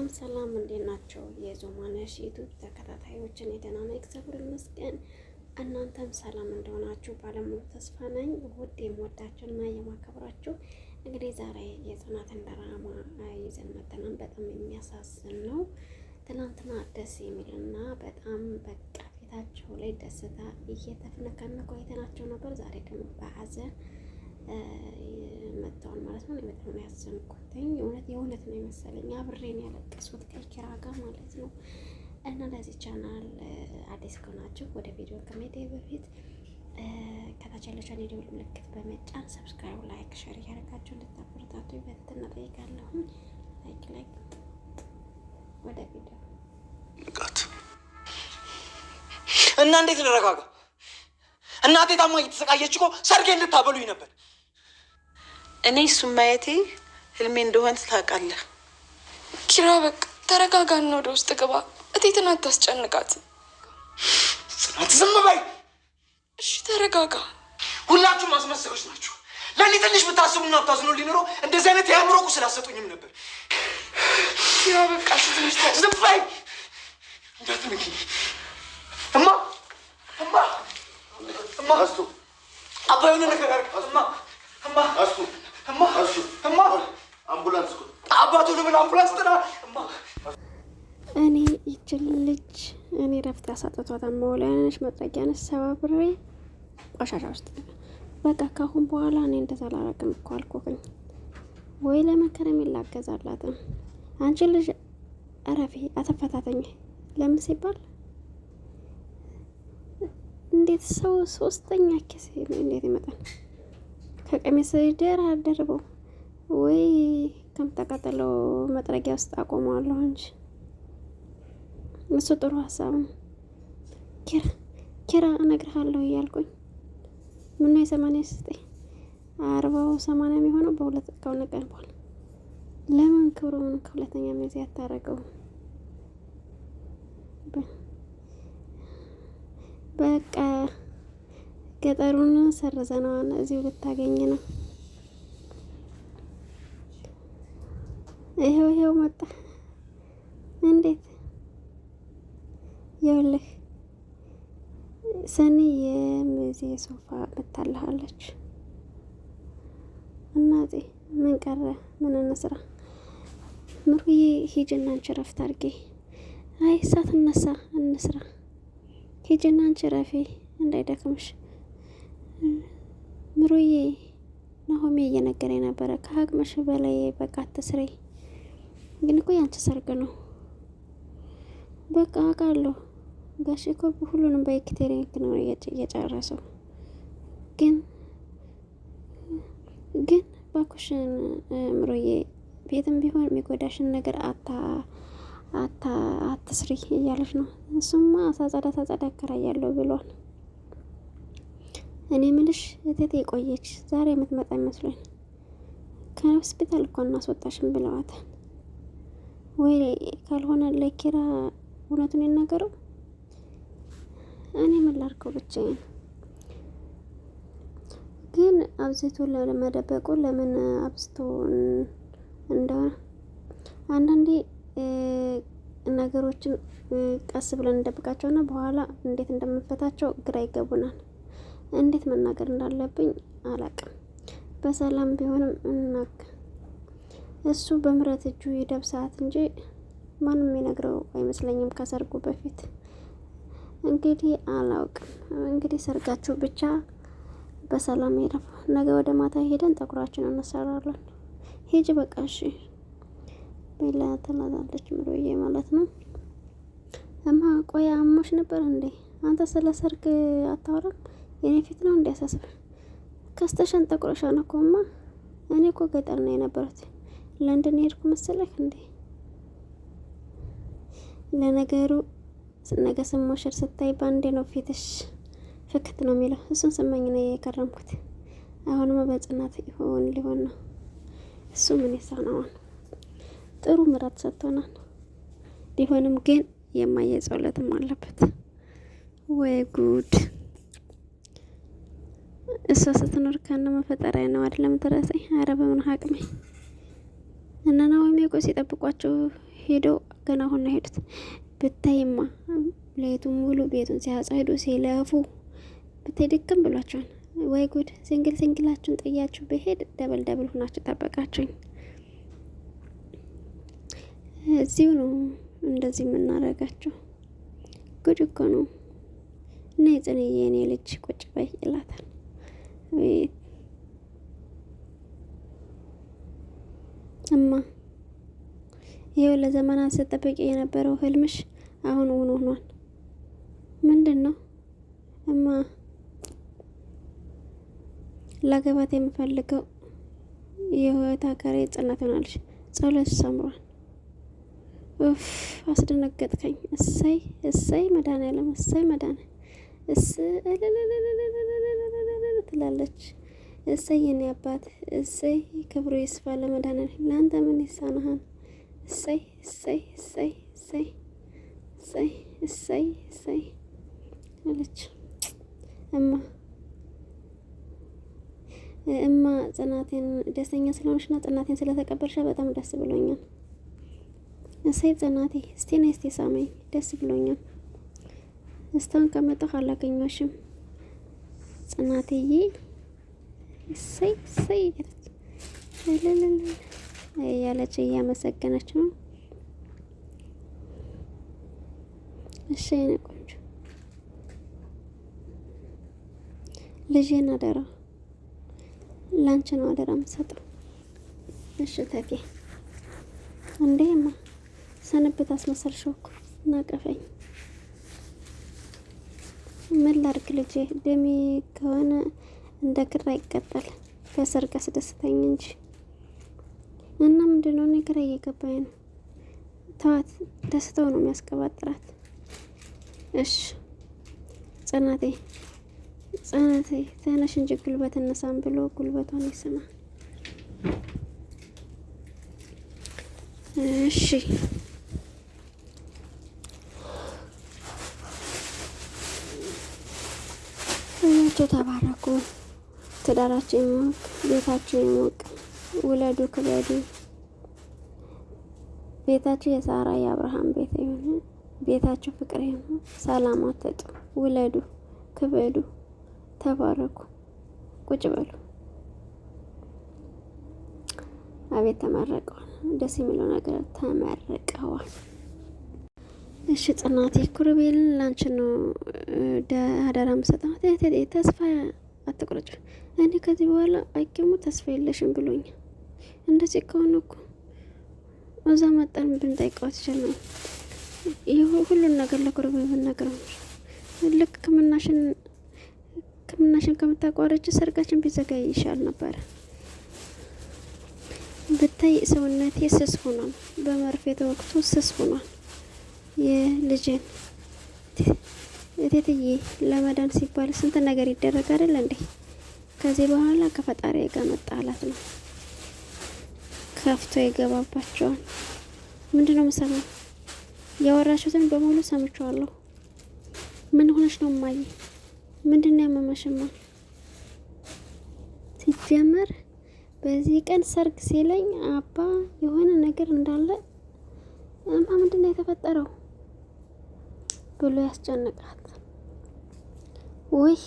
ሰላም ሰላም፣ እንዴት ናቸው የዞማነሽ ዩቱብ ተከታታዮች? እኔ ደህና ነኝ እግዚአብሔር ይመስገን። እናንተም ሰላም እንደሆናችሁ ባለሙሉ ተስፋ ነኝ። ውድ የምወዳችሁና የማከብራችሁ እንግዲህ ዛሬ የጽናትን ድራማ ይዘን መተናን በጣም የሚያሳዝን ነው። ትናንትና ደስ የሚልና በጣም በቃ ፊታቸው ላይ ደስታ እየተፍነከነ ቆይተናቸው ነበር። ዛሬ ደግሞ በሀዘን መጥተዋል ማለት ነው። በጣም ያዘንኩትኝ እውነት የእውነት ነው የመሰለኝ አብሬን ያለቀሱት ከኪራ ጋር ማለት ነው። እና ለዚህ ቻናል አዲስ ከሆናችሁ ወደ ቪዲዮ ከመሄድ በፊት ከታች ያለችውን የደወል ምልክት በመጫን ሰብስክራይብ፣ ላይክ፣ ሸር እያደረጋችሁ እንድታበረታቱ በትህትና እጠይቃለሁኝ። ላይክ ላይክ ወደ ቪዲዮ እና እንዴት ልረጋጋ? እናቴ ታማ እየተሰቃየች እኮ ሰርጌ እንድታበሉኝ ነበር እኔ እሱም ማየቴ ህልሜ እንደሆን ታውቃለህ። ኪራ በቃ ተረጋጋና ወደ ውስጥ ግባ። እቴትን አታስጨንቃት። ጽናት ዝም በይ እሺ፣ ተረጋጋ። ሁላችሁም አስመሰሎች ናችሁ። ለእኔ ትንሽ ብታስቡና ብታዝኑ ሊኖረው እንደዚህ አይነት የአእምሮ ቁስል አሰጡኝም ነበር። ኪራ በቃ ትንሽ ዝም በይ እንዳትንኪ። እማ እማ እማ አባ የሆነ ነገር አርግ እማ እማ እማ እማ አምቡላንስ አባቱ ለምን አምቡላንስ ጥራ እማ እኔ ይችን ልጅ እኔ ረፍት ያሳጠቷት መውለያነሽ መጥረጊያነሽ ሰባብሬ ቆሻሻ ውስጥ በቃ ካሁን በኋላ እኔ እንደተላረቅም እኮ አልኩኝ ወይ ለመከረም ይላገዛላትም አንቺ ልጅ እረፊ አተፈታተኝ ለምን ሲባል እንዴት ሰው ሶስተኛ ኬስ እንዴት ይመጣል ከቀሚስ ደራደርበው ወይ ከምታቃጠለው መጥረጊያ ውስጥ አቆመዋለሁ እንጂ እሱ ጥሩ ሀሳብ ነው። ኪራ ኪራ እነግርሃለሁ እያልኩኝ ምነው የሰማንያ ዘጠኝ አርባው ሰማንያ የሚሆነው በሁለት ከሆነ ቀርቧል። ለምን ክብሩን ከሁለተኛ ሚዜ ያታረገው? በቃ ገጠሩን ሰርዘነዋል። እዚሁ ብታገኝ ነው። ይሄው ይሄው መጣ። እንዴት ይኸውልህ ሰኒ የሚዜ ሶፋ መታልሃለች። እናቴ ምን ቀረ? ምን እንስራ? ምሩዬ ሂጅና አንቺ ረፍት አድርጌ። አይ ሳትነሳ እንስራ። ሂጅና አንቺ ረፌ እንዳይደክምሽ ምሩዬ ናሆሜ እየነገረ ነበረ ከአቅምሽ በላይ በቃ አትስሬ ግን እኮ ያንቺ ሰርግ ነው። በቃ አውቃለሁ ጋሽ እኮ ሁሉንም በኤክቴሪንግ ነው እየጨረሰው። ግን ግን ባኩሽን ምሩዬ ቤትም ቢሆን የሚጎዳሽን ነገር አታ አታ አትስሪ እያለች ነው። እሱማ ሳጸዳ ሳጸዳ እከራያለሁ ብሏል። እኔ ምልሽ እቴቴ የቆየች ዛሬ የምትመጣ ይመስለኝ ከሆስፒታል እኮ እናስወጣሽን ብለዋታል። ወይ ካልሆነ ለኪራ እውነቱን ይናገረው? እኔ ምን ብቻ ብቻዬን ግን አብዝቶ ለመደበቁ ለምን አብዝቶ እንደሆነ አንዳንዴ ነገሮችን ቀስ ብለን እንደብቃቸውና በኋላ እንዴት እንደምንፈታቸው ግራ ይገቡናል። እንዴት መናገር እንዳለብኝ አላቅም። በሰላም ቢሆንም እናክ እሱ በምረት እጁ ሰዓት እንጂ ማንም የሚነግረው አይመስለኝም። ከሰርጉ በፊት እንግዲህ አላውቅም። እንግዲህ ሰርጋችሁ ብቻ በሰላም ሄደው ነገ ወደ ማታ ሄደን ጠጉራችን እንሰራለን። ሂጂ በቃ እሺ ቢላ ትላላለች ምሮዬ ማለት ነው። እማ ቆይ አሞሽ ነበር እንዴ አንተ? ስለ ሰርግ አታወራም? የኔ ፊት ነው እንዲያሳስብ ከስተሸን ጠቁረሻን ኮማ እኔ እኮ ገጠር ነው የነበሩት። ለንደን የሄድኩ መሰለህ እንዴ? ለነገሩ ነገ ስሞሸር ስታይ በአንዴ ነው ፊትሽ ፍክት ነው የሚለው። እሱን ስመኝ ነው የከረምኩት። አሁንማ በጽናት ይሆን ሊሆን ነው እሱ ምን ይሳነዋል? ጥሩ ምራት ሰጥቶናል። ቢሆንም ግን የማየጸውለትም አለበት ወይ ጉድ እሷ ስትኖር ከነ መፈጠሪያ ነው አይደለም ትረሳኝ። አረ በምን አቅሜ እነ ናሆሜ እኮ ሲጠብቋቸው ሄደው ገና አሁን ነው ሄዱት። ብታይማ ሌቱን ሙሉ ቤቱን ሲያጸዱ ሲለፉ ብታይ ድክም ብሏቸዋል። ወይ ጉድ! ስንግል ሲንግላችሁን ጥያችሁ በሄድ ደብል ደብል ሆናችሁ ጠበቃችሁኝ። እዚሁ ነው እንደዚህ የምናደርጋቸው። ጉድ እኮ ነው እና የጽንዬ የኔ ልጅ ቁጭ በይ ይላታል። አቤት እማ ይኸው ለዘመናት ስጠብቅ የነበረው ህልምሽ አሁን እውን ሆኗል። ምንድን ነው እማ? ላገባት የምፈልገው የህይወት አጋሬ ጽናት ሆናለች። ጸሎት ሰምሯል። ኡፍ አስደነገጥከኝ። እሰይ እሰይ መዳን እሰይ መዳን እስ ትላለች። እሰይ የኔ አባት እሰይ ክብሩ ይስፋ ለመድኃኔዓለም ለአንተ ምን ይሳናሃል? እሰይ እሰይ እሰይ እሰይ እሰይ እሰይ እሰይ አለች። እማ እማ ጽናቴን ደስተኛ ስለሆነችና ጽናቴን ስለተቀበልሻ በጣም ደስ ብሎኛል። እሰይ ጽናቴ እስቲ ነይ እስቲ ሳመኝ ደስ ብሎኛል። እስታን ከመጣሁ አላገኘሽም። ጽናትዬ እሰይ እሰይ እያለች እልልል እያለች እያመሰገነች ነው። እሺ የኔ ቆንጆ ልጄን አደራ ላንቺ ነው አደራ የምሰጠው። እሺ ተፊ እንዴማ ሰንብት አስመሰልሽው እኮ ናቀፈኝ። ምን ላርግ ልጄ፣ ደሜ ከሆነ እንደ ክራ ይቀጣል። ከሰርግ አስደስተኝ እንጂ እና ምንድነው? እኔ ግራ እየገባኝ ነው። ተዋት፣ ደስተው ነው የሚያስቀባጥራት። እሺ ጽናቴ ጽናቴ ተነሽ እንጂ ጉልበት እነሳም ብሎ ጉልበቷን ይስማ። እሺ በትዳራችሁ ተባረኩ። ትዳራቸው ይሞቅ፣ ቤታቸው ይሞቅ። ውለዱ፣ ክበዱ። ቤታቸው የሳራ የአብርሃም ቤት ይሁን። ቤታቸው ፍቅር ይሁን። ሰላም አትጡ። ውለዱ፣ ክበዱ፣ ተባረኩ። ቁጭ በሉ። አቤት ተመረቀዋል። ደስ የሚለው ነገር ተመርቀዋል። እሺ ጽናቴ ኩሩቤል ላንቺ ነው አደራ የምሰጠው። ተስፋ አትቁረጭ፣ እኔ ከዚህ በኋላ አይገሙ ተስፋ የለሽም ብሎኛል። እንደዚህ ከሆነ እኮ እዛ መጠን ብንጠይቀው ትችል ነው ይህ ሁሉን ነገር ለኩሩቤል ብንነግረው ልክ ሕክምናሽን ሕክምናሽን ከምታቋረጭ ሰርጋችን ቢዘጋይ ይሻል ነበረ። ብታይ ሰውነቴ ስስ ሆኗል፣ በመርፌ ተወቅቶ ስስ ሆኗል። የልጅን እቴትዬ ለመዳን ሲባል ስንት ነገር ይደረግ አይደል እንዴ? ከዚህ በኋላ ከፈጣሪ ጋር መጣላት ነው። ከፍቶ ይገባባቸዋል። ምንድን ነው የምሰማው? ያወራችሁትን በሙሉ ሰምቼዋለሁ። ምን ሆነች ነው እማዬ? ምንድን ነው ያመመሽማ? ሲጀመር በዚህ ቀን ሰርግ ሲለኝ አባ የሆነ ነገር እንዳለ እማ ምንድን ነው የተፈጠረው? ብሎ ያስጨንቃት። ውይ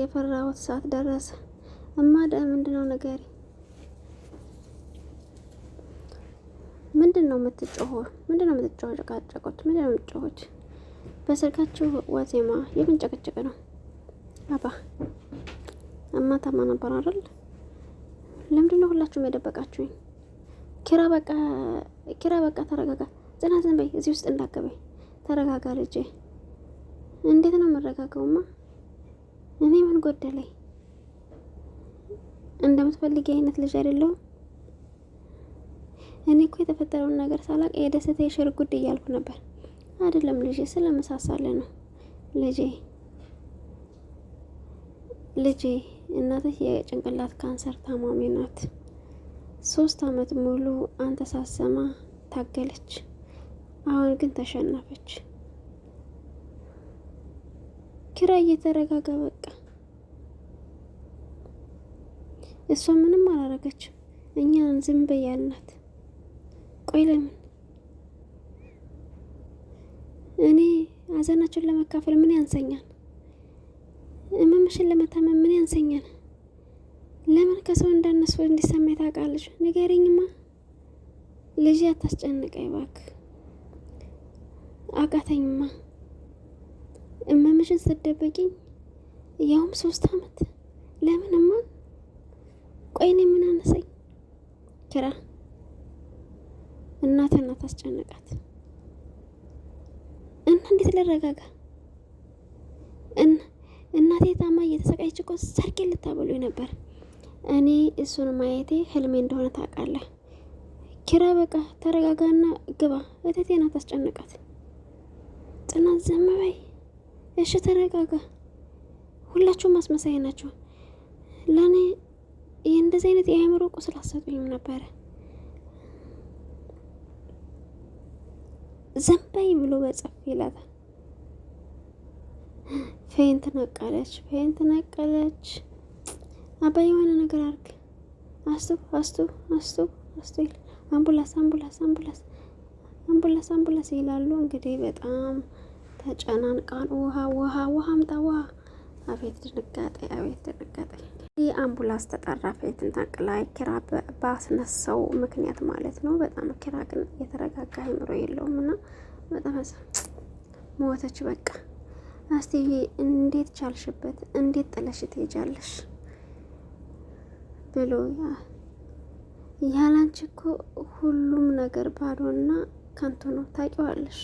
የፈራሁት ሰዓት ደረሰ። እማደ ምንድነው ንገሪ፣ ምንድነው የምትጮሆ? ምንድነው የምትጮሆ? ጨቃጨቆች ምንድነው የምትጮሆች? በስልካችሁ ዋዜማ የምን ጨቅጭቅ ነው? አባ ታማ ነበር አይደል? ለምንድነው ሁላችሁም የደበቃችሁኝ? ኪራ በቃ ኪራ በቃ ተረጋጋ። ጽናት ዝም በይ፣ እዚህ ውስጥ እንዳገበኝ ተረጋጋ ልጄ። እንዴት ነው የምረጋገውማ? እኔ ምን ጎደለኝ? እንደምትፈልጊ አይነት ልጅ አይደለሁም። እኔ እኮ የተፈጠረውን ነገር ሳላቅ የደስታ የሽር ጉድ እያልኩ ነበር። አይደለም ልጄ፣ ስለመሳሳለ ነው ልጄ። ልጄ እናትህ የጭንቅላት ካንሰር ታማሚ ናት። ሶስት አመት ሙሉ አንተ ሳሰማ ታገለች። አሁን ግን ተሸነፈች። ኪራ እየተረጋጋ በቃ እሷ ምንም አላረገችም። እኛን ዝም በይ ያልናት። ቆይ ለምን እኔ ሀዘናቸውን ለመካፈል ምን ያንሰኛል? እመምሽን ለመታመም ምን ያንሰኛል? ለምን ከሰው እንዳነሱ እንዲሰማ ታውቃለች? ንገሪኝማ ልጅ አታስጨንቀኝ እባክህ። አቃተኝማ። እመምሽን ስደበቂኝ ያውም ሶስት አመት ለምንማ? ቆይኔ ምን ኪራ እናት እናት አስጨነቃት እና እንዴት ልረጋጋ? እናቴ ታማ እየተሰቃየች እኮ ሰርጌ ልታበሉ ነበር። እኔ እሱን ማየቴ ህልሜ እንደሆነ ታውቃለህ ኪራ። በቃ ተረጋጋና ግባ። እህቴ ናት አስጨነቃት። ጽናት ዝም በይ እሺ፣ ተረጋጋ። ሁላችሁም አስመሳይ ናችሁ። ለእኔ እንደዚህ አይነት የአእምሮ ቁስል አሰጡኝም ነበረ። ዝም በይ ብሎ በጸፍ ይላታል። ፌን ትነቀለች፣ ፌን ትነቀለች። አባ የሆነ ነገር አርግ፣ አስቱ፣ አስቱ፣ አስቱ፣ አስቱ ይል አምቡላንስ፣ አምቡላንስ፣ አምቡላንስ አምቡላንስ አምቡላንስ ይላሉ። እንግዲህ በጣም ተጨናንቃን ውሃ ውሃ ውሃ አምጣ አቤት ድንጋጤ፣ አቤት ድንጋጤ። ይህ አምቡላንስ ተጠራ። ፌትን ላይ ኪራ ባስነሳው ምክንያት ማለት ነው። በጣም ኪራ ግን የተረጋጋ አይምሮ የለውም እና በጣም ሞተች በቃ። እስቲ እንዴት ቻልሽበት? እንዴት ጥለሽ ትሄጃለሽ? ብሎ ያላንቺ እኮ ሁሉም ነገር ባዶና ከንቱ ነው፣ ታውቂዋለሽ።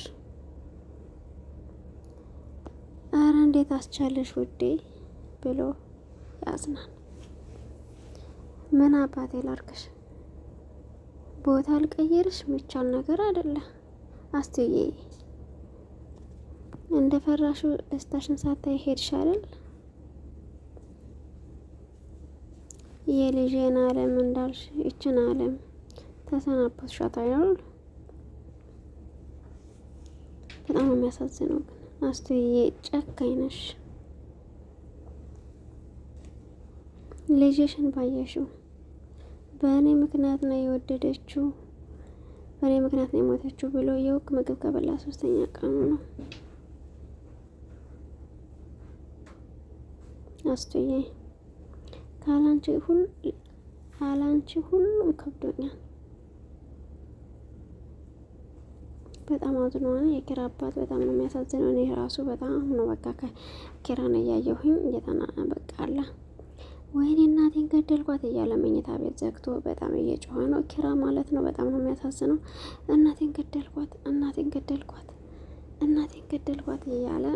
እረ እንዴት አስቻለሽ ውዴ ብሎ ያዝናል። ምን አባቴ ላርግሽ፣ ቦታ ልቀይርሽ የሚቻል ነገር አይደለ አስትዬ። እንደ ፈራሹ ደስታሽን ሳታይ ሄድሽ አይደል? የልጄን ዓለም እንዳልሽ ይችን ዓለም ተሰናበትሻት አይደል? በጣም የሚያሳዝነው ግን አስቴርዬ ጨካኝ ነሽ። ልጅሽን ባየሽው በእኔ ምክንያት ነው የወደደችው በእኔ ምክንያት ነው የሞተችው ብሎ የውቅ ምግብ ከበላ ሶስተኛ ቀኑ ነው። አስቱዬ ካላንቺ ሁሉ ሁሉም ከብዶኛል። በጣም አዝኖ ሆነ። የኪራ አባት በጣም ነው የሚያሳዝነው። እኔ ራሱ በጣም ነው በቃ ኪራን እያየሁኝ እየተና በቃ አለ ወይኔ እናቴን ገደልኳት እያለ መኝታ ቤት ዘግቶ በጣም እየጮኸ ነው ኪራ ማለት ነው። በጣም ነው የሚያሳዝነው። እናቴን ገደልኳት፣ እናቴን ገደልኳት፣ እናቴን ገደልኳት እያለ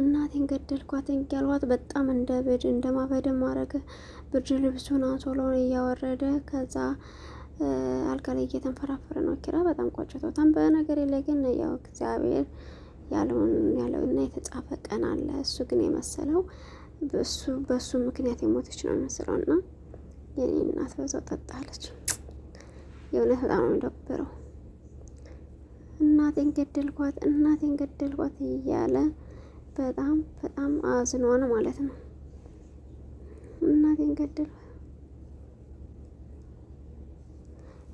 እናቴን ገደልኳት እያልኳት በጣም እንደ ብድ እንደ እንደማበደ ማድረግ ብርድ ልብሱን አንሶሎን እያወረደ ከዛ አልጋ ላይ እየተንፈራፈረ ነው። ኪራ በጣም ቆጭቶታል። በነገር ላይ ግን ያው እግዚአብሔር ያለውን ያለውና የተጻፈ ቀን አለ። እሱ ግን የመሰለው በሱ በሱ ምክንያት የሞተች ነው የመሰለው እና የኔ እናት በዛው ጠጣለች። የእውነት በጣም ነው እናቴን ገደልኳት፣ እናቴን ገደልኳት እያለ በጣም በጣም አዝኗን ማለት ነው እናቴን ገደልኳት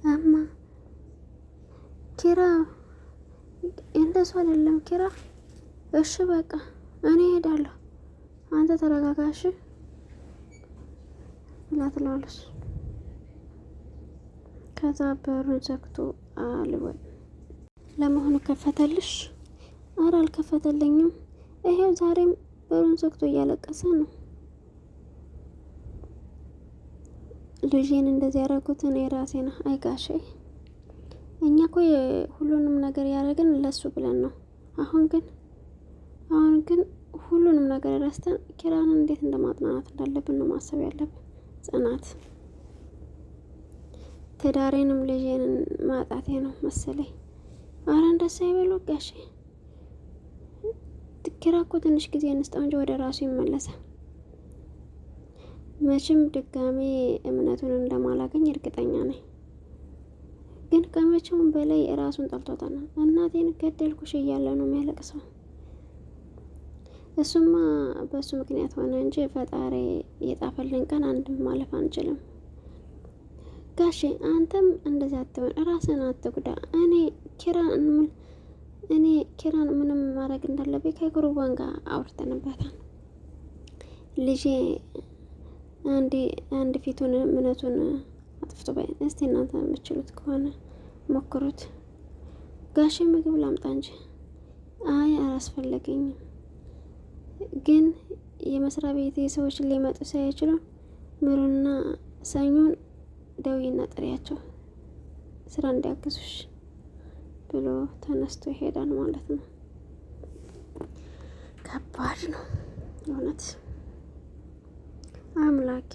እማ ኪራ እንደሱ አይደለም ኪራ። እሺ በቃ እኔ እሄዳለሁ፣ አንተ ተረጋጋሽ ብላ ትለዋለች። ከዛ በሩን ዘግቶ አልወል ለመሆኑ ከፈተልሽ? አረ አልከፈተልኝም። ይሄው ዛሬም በሩን ዘግቶ እያለቀሰ ነው። ልጄን እንደዚህ ያደረጉት እኔ ራሴ ነው። አይጋሼ እኛ ኮ ሁሉንም ነገር ያደረግን ለሱ ብለን ነው። አሁን ግን አሁን ግን ሁሉንም ነገር ረስተን ኪራንን እንዴት እንደማጥናናት እንዳለብን ነው ማሰብ ያለብን። ጽናት ትዳሬንም ልጄንን ማጣቴ ነው መሰለኝ። አረ እንደሳ ይበሉ ጋሼ። ኪራ እኮ ትንሽ ጊዜ እንስጠው እንጂ ወደ ራሱ ይመለሳል። መቼም ድጋሜ እምነቱን እንደማላገኝ እርግጠኛ ነኝ። ግን ከመቼውም በላይ ራሱን ጠልቶታል። እናቴን ገደልኩሽ እያለ ነው የሚያለቅሰው። እሱማ በእሱ ምክንያት ሆነ እንጂ ፈጣሪ የጣፈልን ቀን አንድም ማለፍ አንችልም። ጋሽ አንተም እንደዛ አትሆን፣ ራስን አትጉዳ። እኔ ኪራን እኔ ኪራን ምንም ማድረግ እንዳለብኝ ከጉርቧን ጋር አውርተንበታል ልጄ አንድ ፊቱን እምነቱን አጥፍቶ ባይ እስቲ እናንተ የምችሉት ከሆነ ሞክሩት። ጋሼ ምግብ ላምጣ እንጂ አይ አላስፈለገኝም፣ ግን የመስሪያ ቤት ሰዎችን ሊመጡ ሳይችሉ ምሩና ሰኞን ደውይና ጥሪያቸው ስራ እንዲያግዙሽ ብሎ ተነስቶ ይሄዳል ማለት ነው። ከባድ ነው እውነት። አምላኬ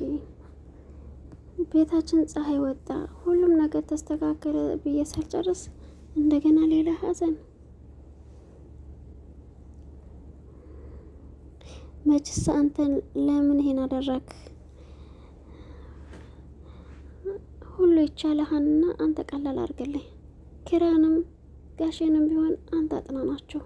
ቤታችን ፀሐይ ወጣ፣ ሁሉም ነገር ተስተካከለ ብዬ ሳልጨርስ እንደገና ሌላ ሀዘን መችስ አንተ ለምን ይሄን አደረግ? ሁሉ ይቻለሃንና አንተ ቀላል አድርግልኝ። ኪራንም ጋሼንም ቢሆን አንተ አጥና ናቸው።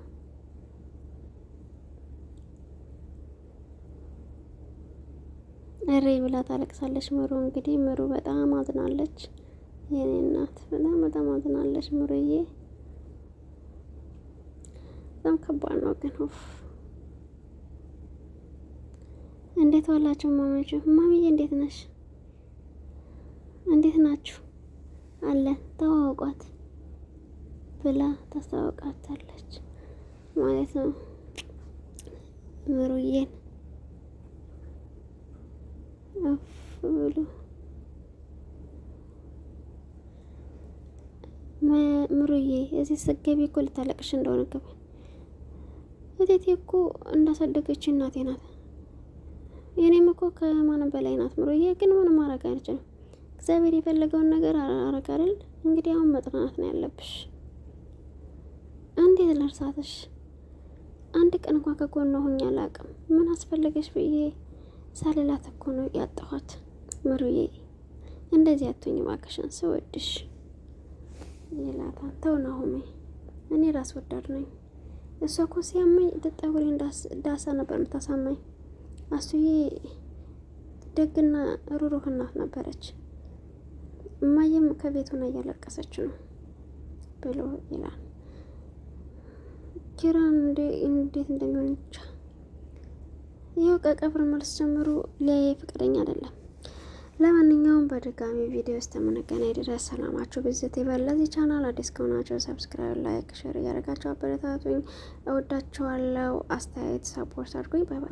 እሬ ብላ ታለቅሳለች። ምሩ እንግዲህ ምሩ በጣም አዝናለች። የኔ እናት በጣም በጣም አዝናለች። ምሩዬ በጣም ከባድ ነው ግን ሆፍ እንዴት ዋላችሁ ማሚዎቹ? ማሚዬ እንዴት ነሽ? እንዴት ናችሁ? አለ ተዋውቋት ብላ ታስተዋውቃታለች ማለት ነው ምሩዬን አፍ ብሎ ምሩዬ እዚህ ስትገቢ እኮ ልታለቅሽ እንደሆነ ገባኝ። እቴቴ እኮ እንዳሳደገች እናቴ ናት። የኔም እኮ ከማንም በላይ ናት ምሩዬ። ግን ምንም ማድረግ አልችልም። እግዚአብሔር የፈለገውን ነገር አረግ አይደል? እንግዲህ አሁን መጽናናት ነው ያለብሽ። እንዴት ለእርሳትሽ አንድ ቀን እንኳ ከጎን ሆኜ አላውቅም። ምን አስፈለገሽ ብዬ ሳልላት እኮ ነው ያጣኋት። ምሩዬ እንደዚህ አትሁኝ እባክሽን ስወድሽ ይላታ። ተው ናሆሜ እኔ ራስ ወዳድ ነኝ። እሷ እኮ ሲያመኝ ጠጉሬ ዳሳ ነበር የምታሳማኝ አሱዬ ደግና ሩሩህ እናት ነበረች። እማየም ከቤት ሆና እያለቀሰች ነው ብሎ ይላል። ኪራን እንዴት እንደሚሆን ብቻ ይኸው ከቀብር መልስ ጀምሮ ሊያየ ፍቅደኛ አይደለም። ለማንኛውም በድጋሚ ቪዲዮ ውስጥ የምንገናኝ ድረስ ሰላማችሁ ብዝት ይበል። ለዚህ ቻናል አዲስ ከሆናችሁ ሰብስክራይብ፣ ላይክ፣ ሼር እያደረጋችሁ አበረታቱኝ። እወዳችኋለሁ። አስተያየት ሰፖርት አድርጉኝ። ባይ ባይ።